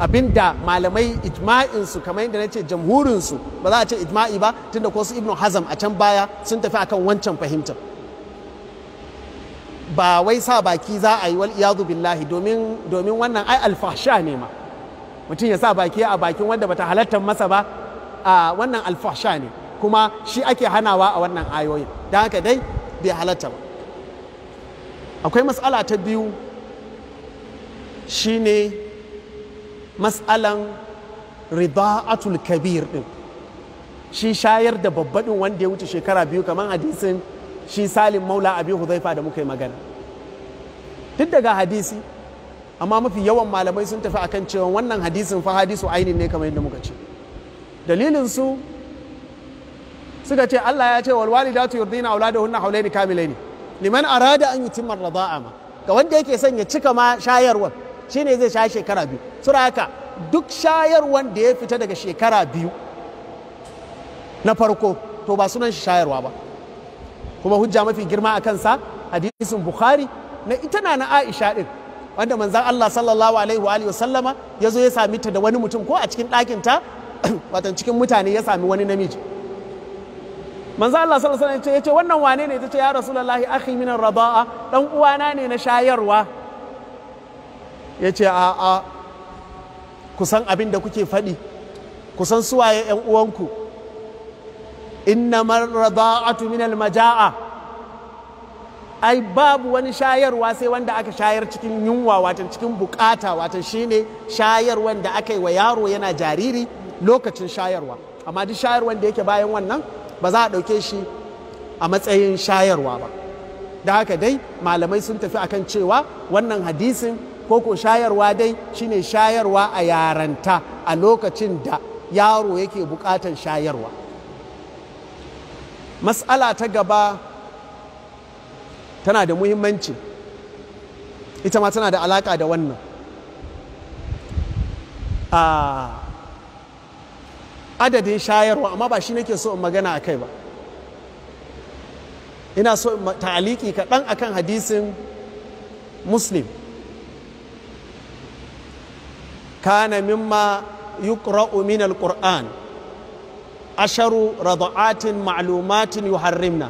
abinda malamai ijma'in su kamar yadda nace jamhurin su ba za a ce ijma'i ba tunda ko su Ibn Hazam a can baya sun tafi akan wancan fahimtar ba wai sa baki za a yi wal iyadu billahi domin wannan ai alfahsha ne ma mutum ya sa baki a bakin wanda bata halatta masa ba a wannan alfasha ne kuma shi ake hanawa a wannan ayoyin don haka dai bai halatta ba akwai matsala ta biyu shine mas'alan rida'atul kabir din shi shayar da babbaɗin wanda ya wuce shekara biyu kamar hadisin shi salim maula abi huzaifa da muka yi magana duk daga hadisi amma mafi yawan malamai sun tafi akan cewa wannan hadisin fa hadisu ainin ne kamar yadda muka ce dalilin su suka ce Allah ya ce wal walidatu yurdina auladahunna hawlaini kamilaini liman arada an yutimma rida'a ma ga wanda yake son ya cika ma shayarwar shine zai sha shekara biyu sura haka duk shayarwan da ya fita daga shekara biyu na farko to ba sunan shi shayarwa ba kuma hujja mafi girma a kansa hadisin bukhari na ita na na aisha din wanda manzan allah sallallahu alaihi wa, sallama ya zo ya sami ta da wani mutum ko a cikin ɗakin ta watan cikin mutane ya sami wani namiji manzan allah sallallahu alaihi wa ya ce wannan wane ne ta ce ya rasulullahi akhi minan raba'a dan uwana ne na shayarwa ya ce a kusan abin da kuke faɗi kusan suwaye 'yan uwanku innamar rada'atu min almaja'a ai babu wani shayarwa sai wanda aka shayar cikin yunwa watan cikin bukata watan shine shayar wanda aka yi wa yaro yana jariri lokacin shayarwa amma duk shayarwan da yake bayan wannan ba za a ɗauke shi a matsayin shayarwa ba da haka dai malamai sun tafi akan cewa wannan hadisin koko shayarwa dai shine shayarwa a yaranta a lokacin da yaro yake bukatan shayarwa matsala ta gaba tana da muhimmanci ita ma tana da alaƙa da wannan a adadin shayarwa amma ba shi nake so in magana a kai ba ina so ta'aliki kaɗan akan hadisin muslim kana mimma yuqra'u min alquran asharu rada'atin ma'lumatin yuharrimna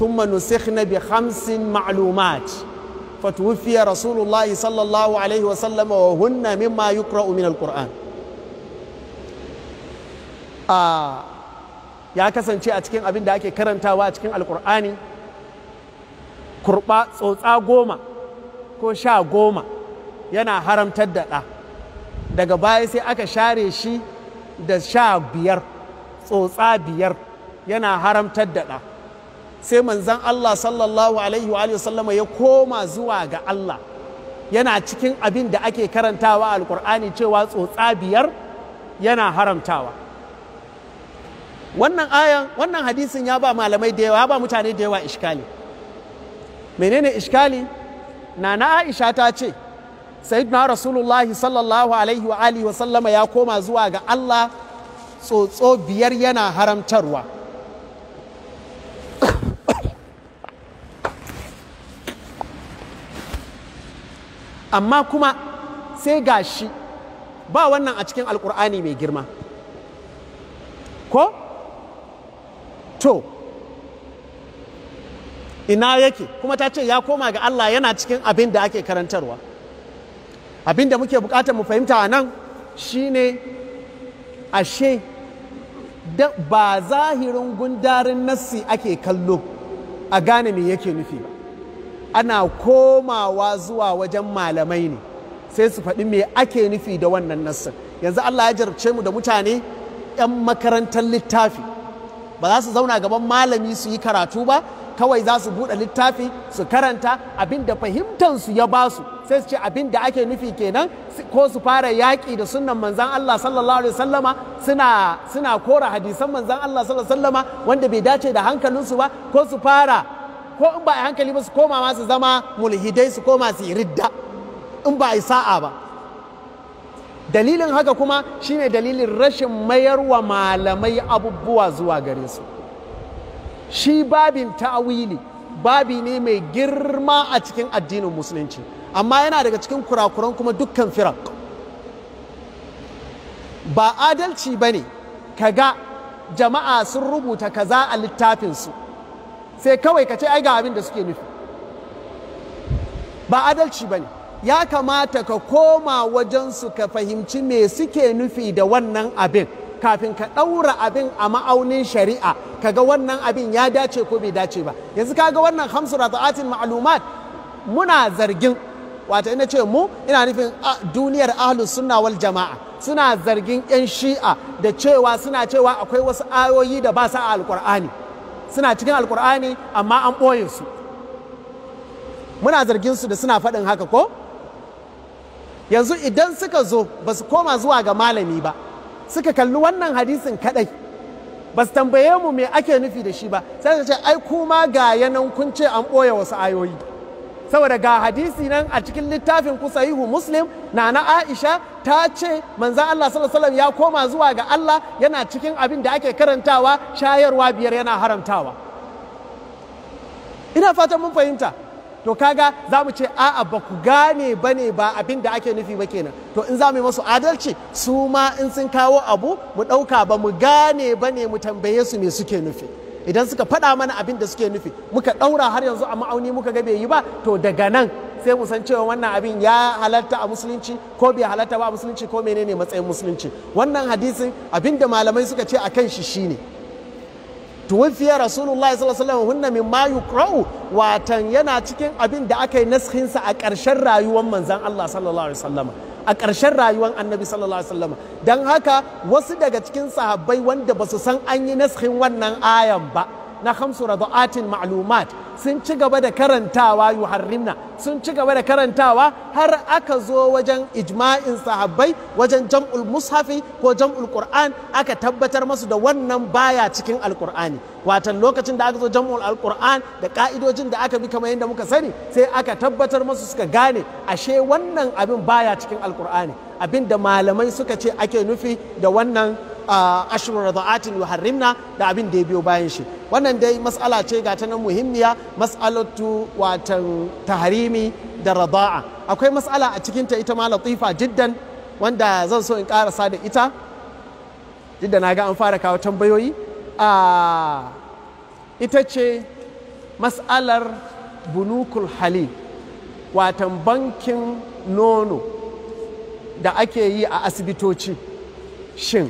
thumma nusikhna bi khamsin ma'lumat fatuwfiya rasulullahi sallallahu alaihi wa sallama wa hunna mimma yuqra'u min alquran ya kasance a cikin abin da ake karantawa a cikin alkur'ani kurba tsotsa goma ko sha goma yana haramtar da ɗa daga baya sai aka share shi da sha biyar tsotsa biyar yana haramtar da ɗa sai manzan Allah sallallahu alaihi wa sallama ya koma zuwa ga Allah yana cikin abin da ake karantawa alkur'ani cewa tsotsa biyar yana haramtawa wannan ayan wannan hadisin ya ba malamai da yawa ya ba mutane da yawa iskali menene iskali nana Aisha ta ce sayyidina rasulullahi sallallahu alaihi wa alihi wa sallama ya koma zuwa ga Allah tsotso biyar yana haramtarwa amma kuma sai gashi ba wannan a cikin alkur'ani mai girma ko to ina yake kuma ta ce ya koma ga Allah yana cikin abin da ake karantarwa abin da muke bukatar mu fahimta a nan shine ashe ba zahirin gundarin nassi ake kallo a gane me yake nufi ba ana komawa zuwa wajen malamai ne sai su faɗi me ake nufi da wannan nassin yanzu Allah ya jarabce mu da mutane 'yan makarantar littafi ba za su zauna gaban malami su yi karatu ba kawai za su buɗe littafi su karanta abin da fahimtansu ya ba su sai su ce abin da ake nufi kenan ko su fara yaƙi da sunan manzan Allah sallallahu alaihi sallama suna kora hadisan manzan Allah sallallahu alaihi sallama wanda bai dace da hankalinsu ba ko su fara ko in ba a hankali ba su koma ma su zama mulhidai su koma su yi ridda in ba a yi sa'a ba dalilin haka kuma shine dalilin rashin mayarwa malamai abubuwa zuwa gare su shi babin ta'awili babi ne mai girma a cikin addinin musulunci amma yana daga cikin kurakuran kuma dukkan firak ba adalci ba ne ga jama'a sun rubuta kaza a littafinsu sai kawai ka ce ai ga abin da suke nufi ba adalci ba ne ya kamata ka koma wajensu ka fahimci me suke nufi da wannan abin kafin ka ɗaura abin a ma'aunin shari'a kaga wannan abin ya dace ko bai dace ba yanzu kaga wannan hamsu rata'atin ma'alumat muna zargin wata ina ce mu ina nufin duniyar ahlus sunna wal jama'a suna zargin 'yan shi'a da cewa suna cewa akwai wasu ayoyi da ba sa a alkur'ani suna cikin alkur'ani amma an ɓoye su muna zargin su da suna faɗin haka ko yanzu idan suka zo ba su koma zuwa ga malami ba suka kalli wannan hadisin kadai ba su tambaye mu me ake nufi da shi ba sai ce ai kuma ga yanan kun ce an ɓoye wasu ayoyi saboda ga hadisi nan a cikin littafin ku sahihu muslim na na aisha ta ce manzan allah sallallahu ya koma zuwa ga allah yana cikin abin da ake karantawa shayarwa biyar yana haramtawa ina fatan mun fahimta to kaga za mu ce a'a ba ku gane ba ne ba abin da ake nufi ba kenan to in za mu yi masu adalci su ma in sun kawo abu mu ɗauka ba mu gane ba ne mu tambaye su me suke nufi idan suka faɗa mana abin da suke nufi muka ɗaura har yanzu a ma'auni muka ga bai yi ba to daga nan sai mu san cewa wannan abin ya halatta a musulunci ko bai halatta ba a musulunci ko menene matsayin musulunci wannan hadisin abin da malamai suka ce a kan shi shine tuwafiya rasulullahi sallallahu alaihi wasallam min ma yuqra'u watan yana cikin abin da aka yi naskin a ƙarshen rayuwar manzan Allah sallallahu alaihi wasallam a ƙarshen rayuwar annabi sallallahu alaihi wasallam Don haka wasu daga cikin sahabbai wanda basu san an yi naskin wannan ayan ba na khamsu rada'atin ma'lumat sun ci gaba da karantawa yuharrimna sun ci gaba da karantawa har aka zo wajen ijma'in sahabbai wajen jam'ul mushafi ko jam'ul qur'an aka tabbatar masu da wannan baya cikin alqur'ani watan lokacin da aka zo jam'ul alqur'an da ka'idojin da aka bi kamar yadda muka sani sai aka tabbatar masu suka gane ashe wannan abin baya cikin alqur'ani abin da malamai suka ce ake nufi da wannan ashirin rada'atin yuharrimna da abin da ya biyo bayan shi wannan dai mas'ala ce ga ta nan muhimmiya mas'alatu watan taharimi da rada'a akwai mas'ala a cikin ta ita ma latifa jiddan wanda zan so in karasa da ita jidda na ga an fara kawo tambayoyi a ita ce mas'alar bunukul hali watan bankin nono da ake yi a asibitoci shin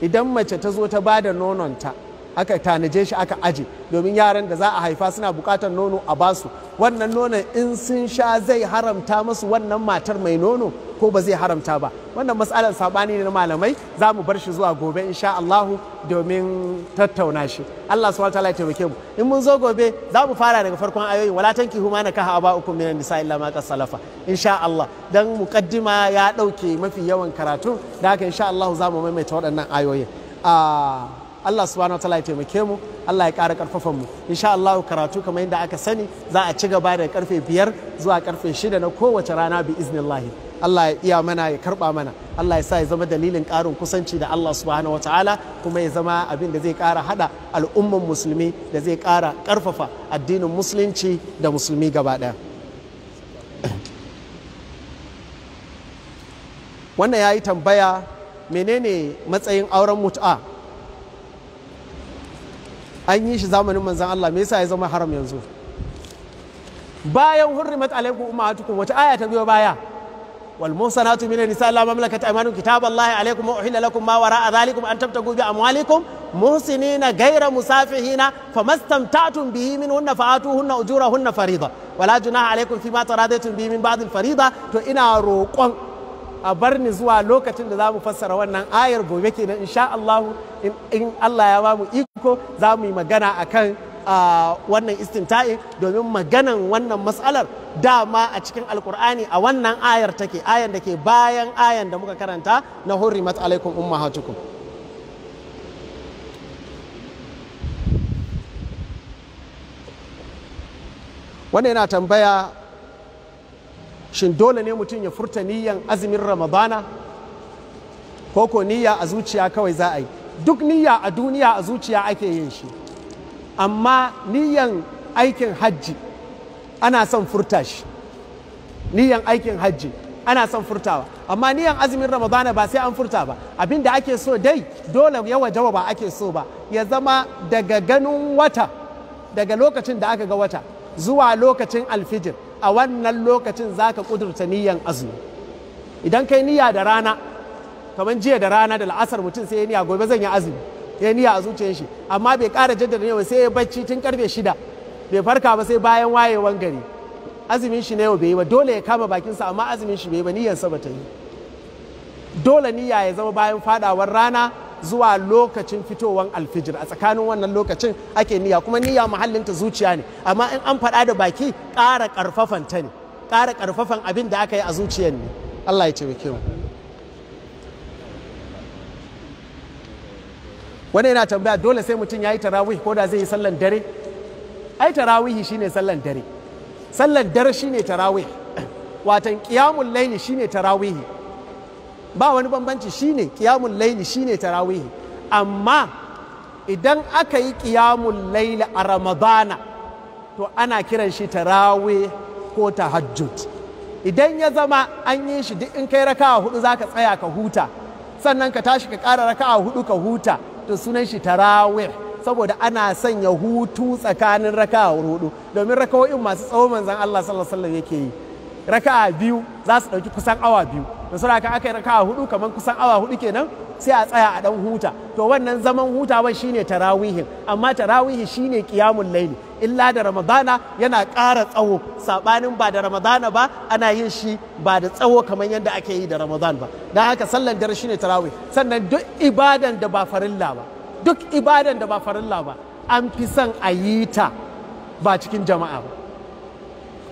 idan mace ta zo ta ba da nononta aka tanaje shi aka aje domin yaran da za a haifa suna bukatar nono a basu wannan nonon in sun sha zai haramta masu wannan matar mai nono ko ba zai haramta ba wannan matsalar sabani ne na malamai za mu bar shi zuwa gobe insha Allahu domin tattauna shi Allah subhanahu wataala ya taimake mu in mun zo gobe za mu fara daga farkon ayoyin wala na kaha aba uku minan nisa illa ma salafa insha Allah dan muqaddima ya dauke mafi yawan karatu da haka insha allahu za mu maimaita waɗannan ayoyin ah, Allah subhanahu wataala ya taimake mu Allah ya ƙara ƙarfafa mu insha Allah karatu kamar yadda aka sani za a ci gaba da karfe biyar zuwa karfe shida na kowace rana bi iznillahi Allah ya iya mana ya karba mana Allah ya sa ya zama dalilin ƙarin kusanci da Allah subhanahu wataala kuma ya zama abin da zai kara haɗa al'umman musulmi da zai kara ƙarfafa addinin musulunci da musulmi gaba ɗaya wannan ya yi tambaya menene matsayin auren mutu'a? an yi shi zamanin manzan Allah me yasa ya zama haram yanzu bayan hurrimat alaikum ummahatukum wata aya ta biyo baya wal musanatu minan nisa la mamlakat aymanukum kitaballahi alaikum wa uhilla lakum ma wara'a dhalikum an tabtagu bi amwalikum muhsinina ghayra musafihina famastamta'tum bihi hunna fa'atuhunna ujurahunna farida wala junaha alaikum fima taradaytum bihi min ba'd al farida to ina roƙon a bar ni zuwa lokacin da za mu fassara wannan ayar gobe kenan insha Allah in Allah ya ba mu iko za mu yi magana akan wannan istintai domin maganan wannan matsalar dama a cikin alkur'ani a wannan ayar take ayar da ke bayan ayar da muka karanta na hurrimat alaikum ummahatukum wannan yana tambaya shin dole ne mutum ya furta niyan azumin ramadana ko ko niyya a zuciya kawai za a yi duk niyya a duniya a zuciya ake yin shi amma niyan aikin hajji ana son furta shi niyan aikin hajji ana son furtawa amma niyan azumin ramadana ba sai an furta ba abin da ake so dai dole ya jawa ba ake so ba ya zama daga ganin wata daga lokacin da aka ga wata zuwa lokacin alfijir a wannan lokacin za ka ƙudurta niyan azumi idan kai niyya da rana kamar jiya da rana da la'asar mutum sai ya niyya gobe zan yi azumi ya niya a zuciyar shi amma bai ƙara jaddada yau sai ya bacci tun karfe shida bai farka ba sai bayan wayewan gari azumin shi na yau bai yi ba dole ya kama bakinsa amma azumin shi bai yi ba niyyarsa ba ta yi dole niyya ya zama bayan fadawar rana zuwa lokacin fitowar alfijir a tsakanin wannan lokacin ake niyya kuma niyya muhallinta zuciya ne amma in an faɗa da baki ƙara ƙarfafan ta ne ƙara ƙarfafan abin da aka yi a zuciyar ne Allah ya ce mu wani yana tambaya dole sai mutum ya yi tarawih ko da zai yi sallan dare ai tarawihi shine sallan dare sallan dare shine tarawih watan qiyamul laili shine tarawihi ba wani bambanci shine kiyamun laili shine tarawihi amma idan aka yi kiyamun laili a ramadana to ana kiran shi tarawe ko tahajjud idan ya zama an yi shi duk in kai raka'a hudu zaka tsaya ka huta sannan ka tashi ka ƙara raka'a hudu ka huta to sunan shi tarawe saboda ana sanya hutu tsakanin raka'a hudu domin raka'o'in masu tsawo manzon Allah sallallahu alaihi wasallam yake yi raka'a biyu za su ɗauki kusan awa biyu da sura ka aka yi raka hudu kamar kusan awa hudu kenan sai a tsaya a dan huta to wannan zaman hutawan shine tarawihin amma tarawihi shine qiyamul layl illa da ramadana yana ƙara tsawo sabanin ba da ramadana ba ana yin shi ba da tsawo kamar yadda ake yi da ramadan ba dan haka sallan dare shine tarawih sannan duk ibadan da ba farilla ba duk ibadan da ba farilla ba an fi son a yi ta ba cikin jama'a ba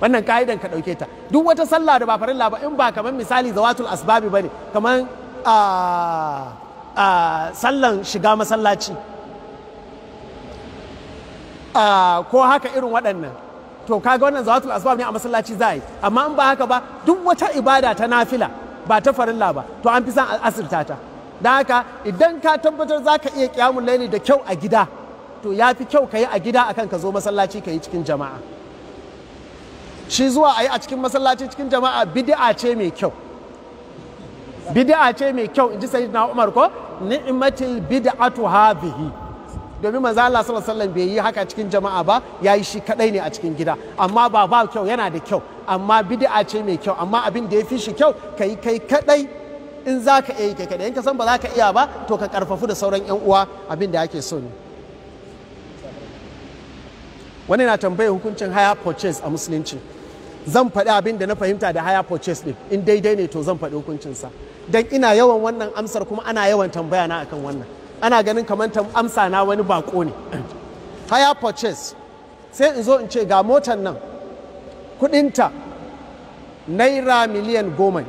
wannan ka'idan ka ɗauke ta duk wata sallah da ba farilla ba in ba kamar misali zawatul asbabi bane kamar ah, ah, sallan shiga masallaci ah, ko haka irin waɗannan to kaga wannan zawatul asbab ne a masallaci za yi amma in ba haka ba duk wata ibada ta nafila ba ta farilla ba to an fi san asirta ta Da haka idan ka tabbatar za ka iya kyamun laili da kyau a gida to ya fi kyau ka yi a gida akan ka zo masallaci ka yi cikin jama'a shi zuwa a yi a cikin masallaci cikin jama'a bid'a ce mai kyau bid'a ce mai kyau in ji na Umar ko ni'matil bid'atu hadhihi domin manzo Allah sallallahu alaihi wasallam bai yi haka cikin jama'a ba yayi shi kadai ne a cikin gida amma ba ba kyau yana da kyau amma bid'a ce mai kyau amma abin da ya fi shi kyau kai kai kadai in zaka iya kai kadai in ka san ba za ka iya ba to ka karfafu da sauran yan uwa abin da ake so ne wani na tambayi hukuncin haya purchase a musulunci zan faɗi abin da na fahimta da haya purchase ɗin in daidai ne to zan faɗi hukuncinsa Don ina yawan wannan amsar kuma ana yawan tambaya na akan wannan ana ganin kamar amsa na wani bako ne haya purchase sai in zo in ce ga motar nan kudinta naira miliyan goma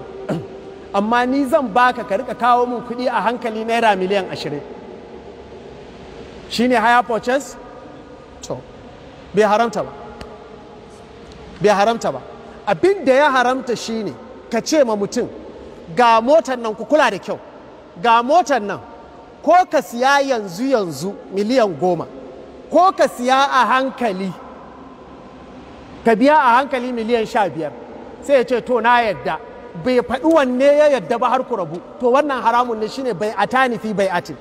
amma ni zan baka ka rika kawo min kuɗi a hankali naira miliyan ashirin shine haya purchase bai haramta ba bai haramta ba abin da ya haramta shine ka ce ma mutum ga motar nan ku kula da kyau ga motar nan ko ka siya yanzu yanzu miliyan goma ko ka siya a hankali ka biya a hankali miliyan sha biyar sai ya ce to na yadda bai faɗi wanne ya yadda ba har ku rabu to wannan haramun ne shine bai atani fi bai atin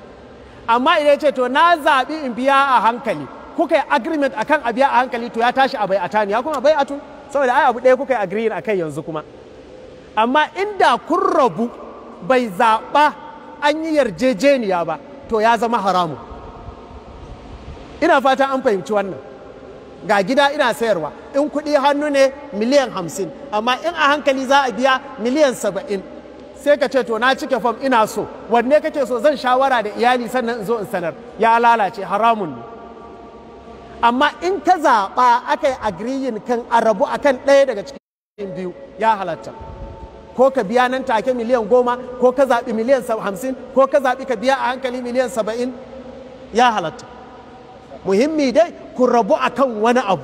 amma idan ya ce to na zaɓi in biya a hankali kuka yi agreement akan a biya a hankali to ya tashi a bai'ata ne ya kuma bai'atu saboda ai abu ɗaya kuka yi agreeing kai yanzu kuma amma inda kun rabu bai zaɓa an yi yarjejeniya ba to ya zama haramu ina fata an fahimci wannan ga gida ina sayarwa in kuɗi hannu ne miliyan hamsin amma in a hankali za a biya miliyan saba'in sai ka ce to na cike fam ina so wanne kake so zan shawara da iyali sannan in zo in sanar ya lalace haramun ne amma in ka zaɓa aka yi agiriyin kan a rabu a kan ɗaya daga cikin biyu ya halatta ko ka biya nan take miliyan goma ko ka zaɓi miliyan hamsin ko ka zaɓi ka biya a hankali miliyan saba'in ya halatta muhimmi dai ku rabu a kan wani abu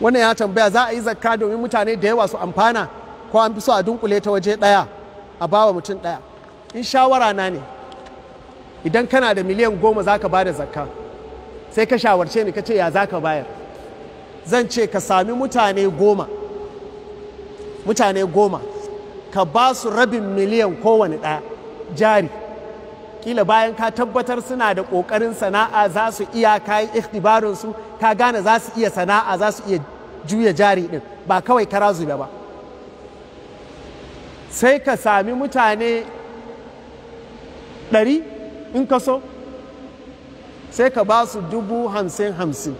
wannan ya tambaya za a yi zakka domin mutane da yawa su amfana ko an fi so a dunkule ta waje ɗaya a bawa mutum ɗaya in shawara na ne idan kana da miliyan goma za ka da zakka sai ka shawarce ni ka ce ya za ka bayar zan ce ka sami mutane goma mutane goma ka ba su rabin miliyan kowane ɗaya jari kila bayan ka tabbatar suna da ƙoƙarin sana'a za su iya kayi ikhtibarinsu ka gane za su iya sana'a za su iya juya jari ɗin ba kawai ka zube ba sai ka sami mutane ɗari in ka so sai ka ba su dubu hamsin hamsin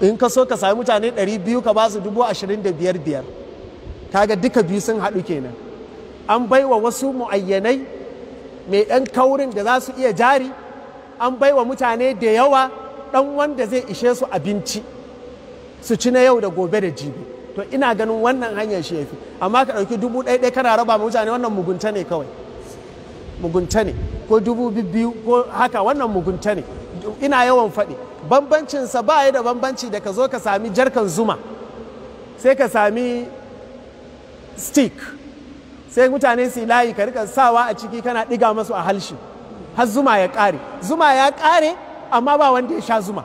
in ka so ka sami mutane ɗari biyu ka ba su dubu ashirin da biyar biyar kaga duka biyu sun haɗu kenan an bai wa wasu mu'ayyanai mai ɗan kaurin da za su iya jari an bai wa mutane da yawa ɗan wanda zai ishe su abinci su ci na yau da gobe da jibi to ina ganin wannan hanyar shi ya fi. amma ka ɗauki dubu ɗaya ɗaya kana raba mutane wannan mugunta ne kawai mugunta ne ko dubu biyu ko haka wannan mugunta ne ina yawan faɗi bambancinsa ba ya da bambanci da ka zo ka sami jarkan zuma sai ka sami stick sai mutane su layi ka rika sawa a ciki kana ɗiga masu a halshi har zuma ya ƙare zuma ya ƙare amma ba wanda ya sha zuma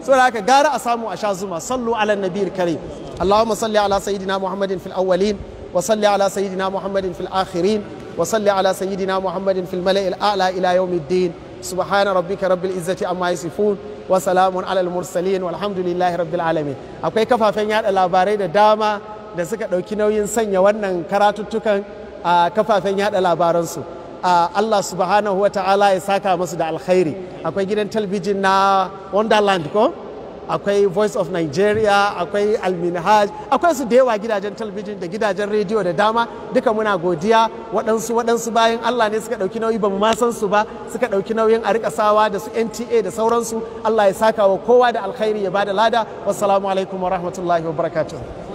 saboda haka gara a samu a sha zuma sallu ala nabiyar karim اللهم صل على سيدنا محمد في الأولين وصل على سيدنا محمد في الآخرين وصل على سيدنا محمد في الملأ الأعلى إلى يوم الدين سبحان ربك رب العزة عما يصفون وسلام على المرسلين والحمد لله رب العالمين akwai kafafen yada labarai da dama da suka ɗauki nauyin sanya wannan karatuttukan a kafafen yada labaransu Allah subhanahu wa ta'ala ya saka musu da alkhairi akwai gidan talbijin na Wonderland ko akwai voice of nigeria akwai alminhaj akwai su da yawa gidajen talabijin da gidajen rediyo da dama duka muna godiya waɗansu waɗansu bayan allah ne suka ɗauki nauyi ba mu san su ba suka ɗauki nauyin a rika sawa da su nta da sauransu allah ya saka wa kowa da alkhairi ya ba da lada wassalamu alaikum wa rahmatullahi wa barakatuh